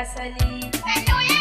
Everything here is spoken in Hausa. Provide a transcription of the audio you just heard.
asali.